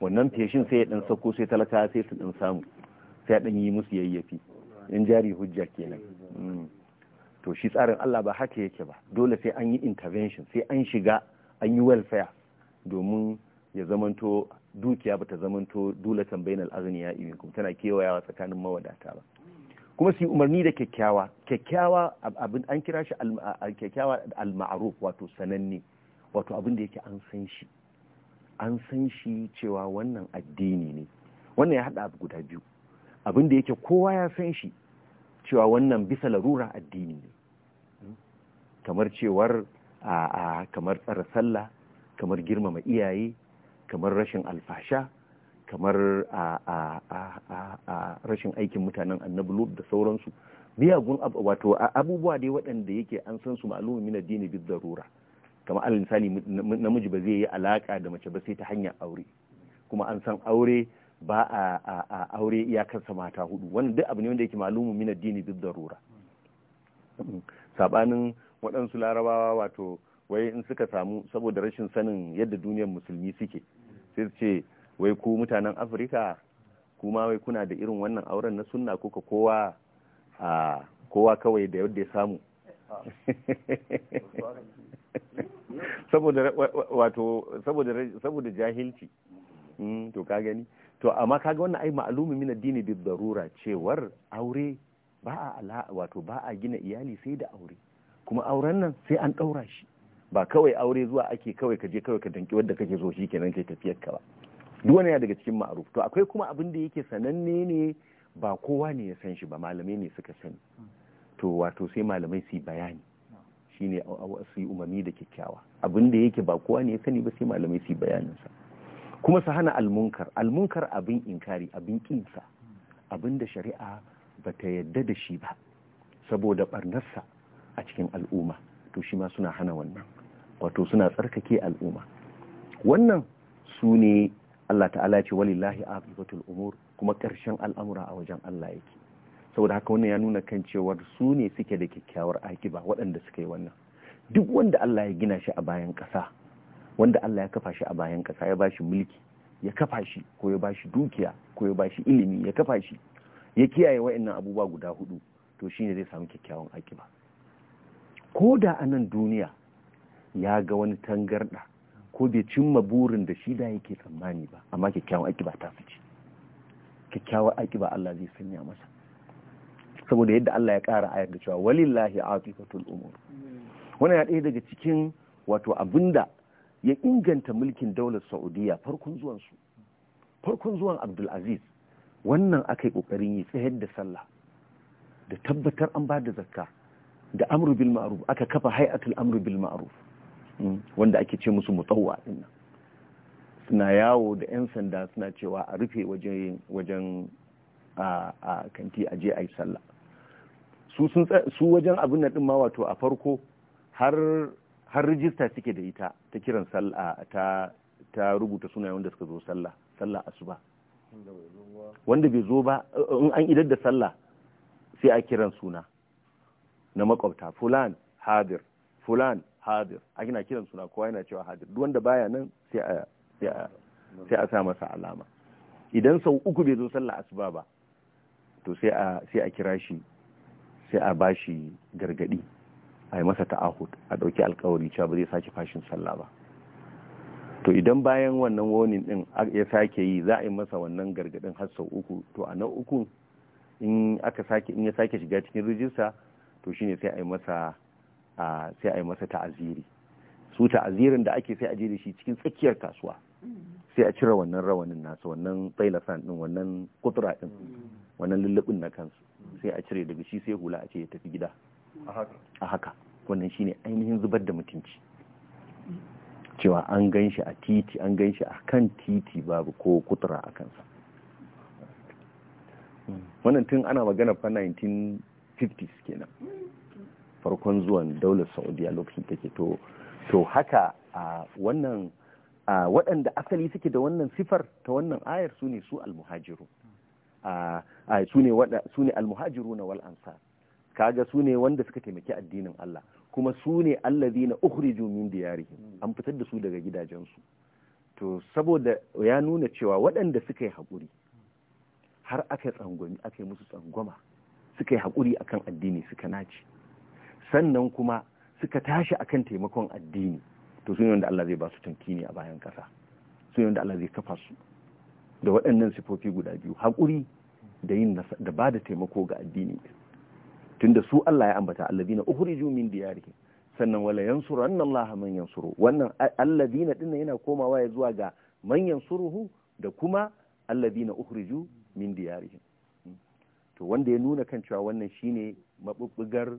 wannan feshin sai ya ɗan sako sai talaka sai su ɗan samu sai ya ɗan yi musu yayyafi in jari hujja kenan mm. to shi tsarin Allah ba haka yake ba dole sai an yi intervention sai an shiga an yi welfare domin ya zamanto dukiya ba ta zamanto dole tambayin ya iminkum tana kewayawa tsakanin mawadata ba kuma su yi umarni da kyakkyawa kyakkyawa abin an kira shi kyakkyawa da maruf wato sananne wato abin da yake an san shi an san shi cewa wannan addini ne wannan ya hada abu guda biyu abin da yake kowa ya san shi cewa wannan bisa larura addini ne hmm? kamar cewar a kamar tsara sallah kamar girmama iyaye kamar rashin alfasha kamar a rashin aikin mutanen annabi lut da sauransu miyagun wato abubuwa dai waɗanda yake an san su ma'alumin min addini bi darura kamar alal misali namiji ba zai yi alaka da mace ba sai ta hanyar aure kuma an san aure ba a a aure iyakarsa mata hudu wannan duk abu ne wanda yake ma'alumin min addini bi darura sabanin waɗansu larabawa wato wai in suka samu saboda rashin sanin yadda duniyar musulmi suke sai su ce wai ku mutanen afirka kuma wai kuna da irin wannan auren na sunna kuka kowa a kowa kawai da yadda ya samu saboda jahilci hmm, to ka gani to amma kaga wannan ai ma'alumi min addini bi darura cewar aure ba a ala wato ba a gina iyali sai da aure kuma auren nan sai an daura shi ba kawai aure zuwa ake kawai ka je kawai ka danki wanda kake so shikenan kai tafiyar ka ba duk wani daga cikin ma'aruf to akwai kuma abin da yake sananne ne ba kowa ne ya san shi ba malamai ne suka sani to wato sai malamai su bayani shine su yi umarni da kyakkyawa abin da yake ba kowa ne ya sani ba sai malamai su bayanin sa kuma su hana almunkar almunkar abin inkari abin kinsa abin da shari'a ba ta yadda da shi ba saboda barnarsa a cikin al'umma to shi ma suna hana wannan wato suna tsarkake al'umma wannan su ne Allah ta'ala ce walillahi aqibatul umur kuma ƙarshen al'amura a wajen Allah yake saboda haka wannan ya nuna kan cewar su ne suke da kyakkyawar akiba waɗanda suka yi wannan duk wanda Allah ya gina shi a bayan ƙasa wanda Allah ya kafa shi a bayan ƙasa ya bashi mulki ya kafa shi ko ya bashi dukiya ko ya bashi ilimi ya kafa shi ya kiyaye wa'annan abubuwa guda hudu to shi ne zai samu kyakkyawan akiba ko da a nan duniya ya ga wani tangarɗa. ko bai cimma burin da shi da yake tsammani ba amma kyakkyawan ba ta fice kyakkyawan ba Allah zai sanya masa saboda yadda Allah ya ƙara ayar da cewa walillahi aqibatul umur wannan ya ɗaya daga cikin wato abinda ya inganta mulkin daular Saudiya farkon zuwan su farkon zuwan Abdul Aziz wannan akai kokarin yi tsayar da sallah da tabbatar an ba da zakka da amru bil ma'ruf aka kafa hay'atul amru bil ma'ruf wanda ake ce musu mutsawa din suna yawo da 'yan sanda suna cewa a rufe wajen a kanti a je a yi sallah su wajen abin na ma wato a farko har rijista suke da ita ta kiran sallah ta rubuta sunayen wanda suka zo sallah sallah asuba wanda bai zo ba in an idar da sallah sai a kiran suna na makwabta fulan hadir fulan hadir a kiran suna kowa yana cewa hadir duk wanda baya nan sai a sa masa alama idan sau uku bai zo sallah asuba ba to sai a sai a kira shi sai a bashi gargadi a yi masa ta'ahud a dauki alkawari cewa ba zai sake fashin sallah ba to idan bayan wannan warning din ya sake yi za a yi masa wannan gargadin har sau uku to a nan uku in aka sake in ya sake shiga cikin rijista to shine sai a yi masa sai a yi masa ta'aziri su ta'azirin da ake sai a je da shi cikin tsakiyar kasuwa sai a cire wannan rawanin nasa wannan tsailasan din wannan kutura din wannan lullubin na kansu sai a cire daga shi sai hula a ce ya tafi gida a haka wannan shine ainihin zubar da mutunci cewa an gan shi a titi an gan shi a kan titi babu ko kutura a kansa wannan tun ana magana fa 1950s kenan farkon zuwan daular saudiya lokacin take to to haka a wannan waɗanda asali suke da wannan sifar ta wannan ayar su ne su almuhajiru su ne almuhajiru na wal ansar kaga su ne wanda suka taimaki addinin Allah kuma su ne allazi na ukhriju min diyarihim an fitar da su daga gidajensu to saboda ya nuna cewa waɗanda suka yi haƙuri har aka tsangwami aka yi musu tsangwama suka yi haƙuri akan addini suka nace sannan kuma suka tashi akan taimakon addini to sun ne Allah zai ba su tunkini a bayan kasa. Sun ne wanda Allah zai kafa su da waɗannan sifofi guda biyu haƙuri da yin da ba da taimako ga addini tunda su Allah ya ambata alladina ukhriju min diyarihim sannan wala yansuranna Allah man yansuru wannan alladina din yana komawa ya zuwa ga man yansuruhu da kuma alladina ukhriju min diyarihim to wanda ya nuna kan cewa wannan shine mabubbugar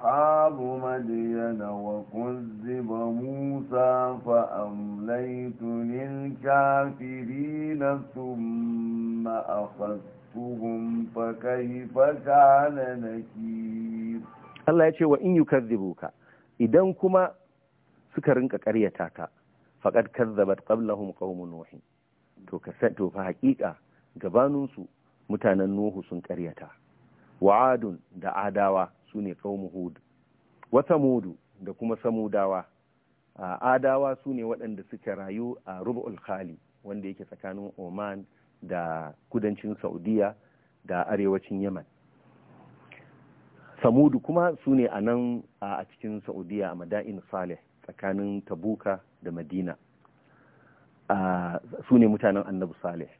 أصحاب مدين وكذب موسى فأمليت للكافرين ثم أخذتهم فكيف كان نكير الله يقول وإن يكذبوك إذن كما سكرنك قريتك فقد كذبت قبلهم قوم نوح to fa haƙiƙa gabaninsu mutanen nuhu sun ƙaryata wa'adun da adawa su ne ƙaumu hud wata mudu da kuma samudawa adawa su ne waɗanda suka rayu a rub'ul khali wanda yake tsakanin oman da kudancin saudiya da arewacin yaman samudu kuma su ne a nan a cikin saudiya a mada'in saleh tsakanin tabuka da madina su ne mutanen annabi saleh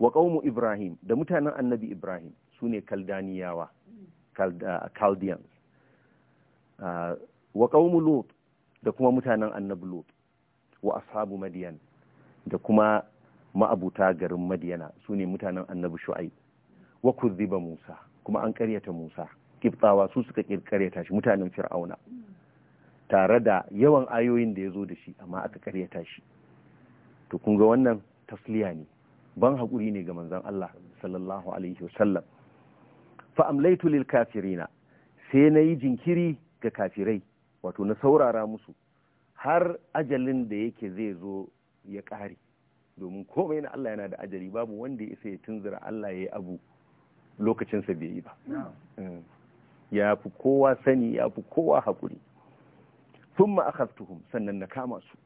wa ƙaumu ibrahim da mutanen annabi ibrahim su ne kaldaniyawa Uh, Chaldeans uh, wa qaumu Lut da kuma mutanen annabi Lut wa ashabu Madian da kuma ma'abuta garin Madiyana ne mutanen annabi shua'i wa kuzziba Musa kuma an ƙaryata Musa ƙiftawa su suka karyata shi mutanen Fir'auna tare da yawan ayoyin da ya zo da shi amma aka karyata shi to kun ga wannan tasliya ne ban haƙuri ne ga manzon Allah sallallahu alaihi wasallam fa amlaitu lil kafirina sai na yi jinkiri ga kafirai wato na saurara musu har ajalin da yake zai zo ya ƙare domin komai na Allah yana da ajali babu wanda ya isa ya tunzura Allah ya yi abu lokacinsa bai yi ba ya fi kowa sani ya fi kowa haƙuri sun tuhum, sannan na kama su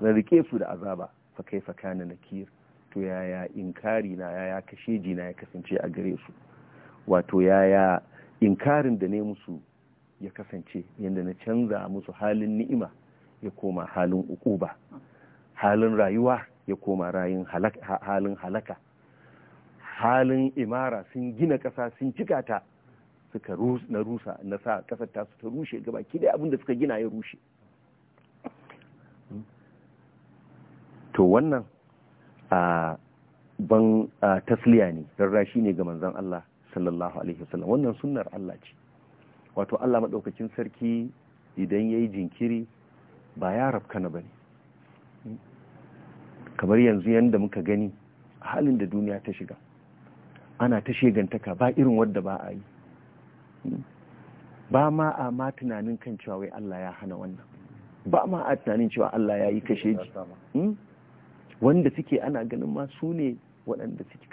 na rike su da azaba fa kai fa kana nakir to yaya inkari na yaya kashe jina ya kasance a gare su wato yaya inkarin da ne musu ya kasance yadda na canza musu halin ni'ima ya koma halin ukuba halin rayuwa ya koma rayin halin halaka halin imara sun gina ƙasa sun cika suka na rusa na sa ƙasar su ta rushe gaba kidai abinda suka gina ya rushe to wannan a ah, ban ah, tasliya ne rarrashi ne ga manzon Allah sallallahu alaihi wasallam wannan sunnar Allah ce wato Allah madaukakin sarki idan yayi jinkiri ba ya na bane kamar yanzu yanda muka gani halin da duniya ta shiga ana ta shegantaka ba irin wadda ba a yi ba ma a ma tunanin kan cewa wai Allah ya hana wannan ba ma a tunanin cewa Allah ya yi kashe ji hmm? wanda suke ana ganin ma su ne waɗanda suke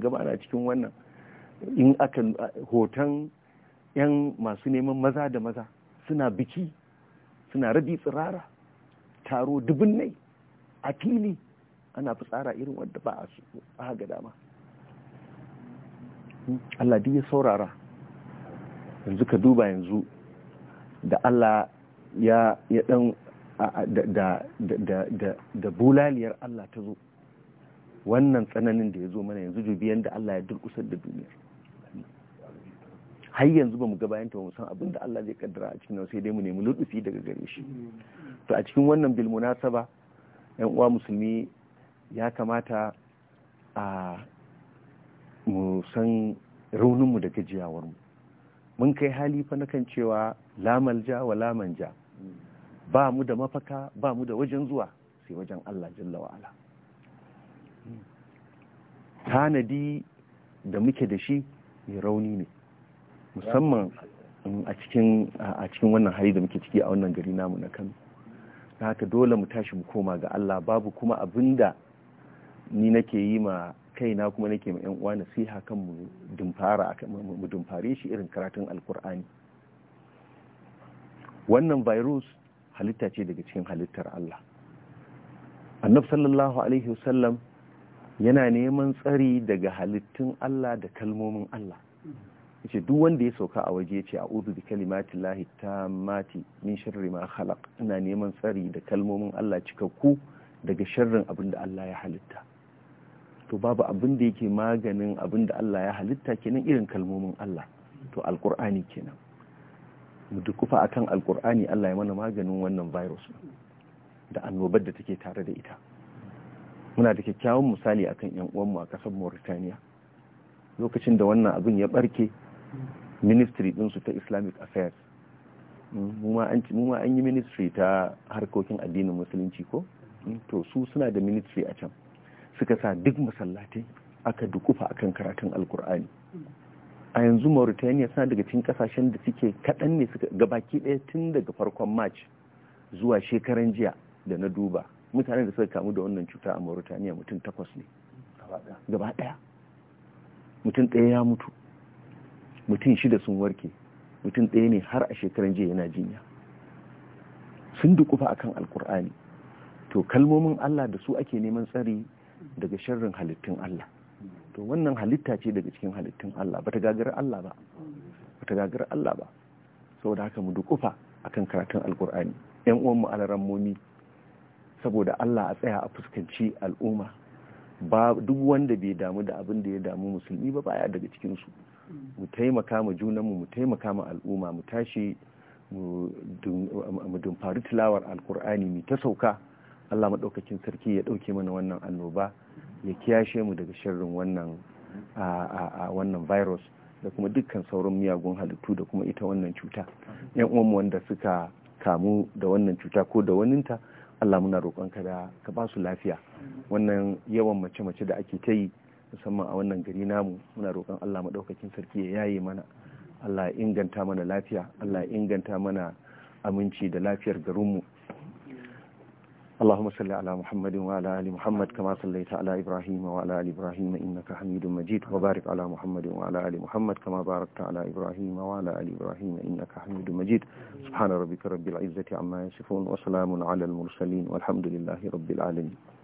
gaba na cikin wannan in aka hoton 'yan masu neman maza da maza suna biki suna rabi tsirara taro dubunnai a fili ana fitsara irin wadda ba a ga dama hmm? Allah ya saurara yanzu ka duba yanzu da Allah ya dan da bulaliyar Allah ta zo wannan tsananin da ya zo mana yanzu jubi da Allah ya durkusar da duniya. har yanzu ba mu ga bayan mu san abin da Allah zai kaddara a cikin sai dai mu nemi lutsi daga gare shi to a cikin wannan bil munasaba yan uwa musulmi ya kamata a mu san raunin mu da gajiyawar mu mun kai hali fa na kan cewa la ja wa la manja ba mu da mafaka ba mu da wajen zuwa sai wajen Allah jalla wa ala tanadi da muke da shi mai rauni ne musamman a cikin a wannan hali da muke ciki a wannan gari namu na Kano da haka dole mu tashi mu koma ga Allah babu kuma abin da ni nake yi ma kaina kuma nake ma yan uwa nasiha kan mu dumfara mu dumfare shi irin karatun alkur'ani wannan virus halitta ce daga cikin halittar Allah annab sallallahu alaihi wasallam yana neman tsari daga halittun Allah da kalmomin Allah yace duk wanda ya sauka a waje yace a'udhu bi kalimati llahi tammati min sharri ma khalaq ina neman tsari da kalmomin Allah cikakku daga sharrin abin da Allah ya halitta to babu abin yake maganin abinda Allah ya halitta kenan irin kalmomin Allah to alqur'ani kenan mu duk kufa akan alqur'ani Allah ya mana maganin wannan virus da annobar da take tare da ita muna da kyakkyawan misali akan yan uwan mu a kasar Mauritania lokacin da wannan abin ya barke ministry ɗinsu ta islamic affairs mu ma an yi ministry ta harkokin addinin musulunci ko to su suna da ministry a can suka sa duk masallatai aka dukufa akan karatun alkur'ani a yanzu mauritania suna daga cikin kasashen da suke kaɗan ne suka gabaki ɗaya tun daga farkon march zuwa shekaran jiya da na duba mutanen da suka kamu da wannan cuta a mauritania mutum takwas ne gaba ɗaya mutum ɗaya ya mutu mutum shida sun warke mutum ɗaya ne har a shekaran jiya yana jinya sun dukufa akan alkur'ani to kalmomin Allah da su ake neman tsari daga sharrin halittun Allah to wannan halitta ce daga cikin halittun Allah bata gagar Allah ba bata gagar Allah ba saboda haka mu dukufa akan karatun alkur'ani yan uwan mu momi saboda Allah a tsaya a fuskanci al'umma ba duk wanda bai damu da abin da ya damu musulmi ba baya daga cikin su mu taimaka mu junanmu mu taimaka mu al'umma mu tashi mu dumfari tilawar alkur'ani mu ta sauka Allah maɗaukakin sarki ya ɗauke mana wannan annoba ya kiyashe mu daga shirin wannan wannan virus da kuma dukkan sauran miyagun halittu da kuma ita wannan cuta yan uwanmu wanda suka kamu da wannan cuta ko da waninta Allah muna roƙonka da ka ba su lafiya wannan yawan mace-mace da ake ta yi musamman a wannan gari namu muna roƙon Allah maɗaukakin sarki ya yaye mana Allah ya inganta mana lafiya Allah ya inganta mana aminci da lafiyar garinmu Allahumma salli ala Muhammadin wa ala ali Muhammad kama sallaita ala Ibrahim wa ala ali Ibrahim innaka Hamidum Majid wa barik ala Muhammadin wa ala ali Muhammad kama barakta ala Ibrahim wa ala ali Ibrahim innaka Hamidum Majid subhana rabbika rabbil izzati amma yasifun wa salamun ala al mursalin walhamdulillahi rabbil alamin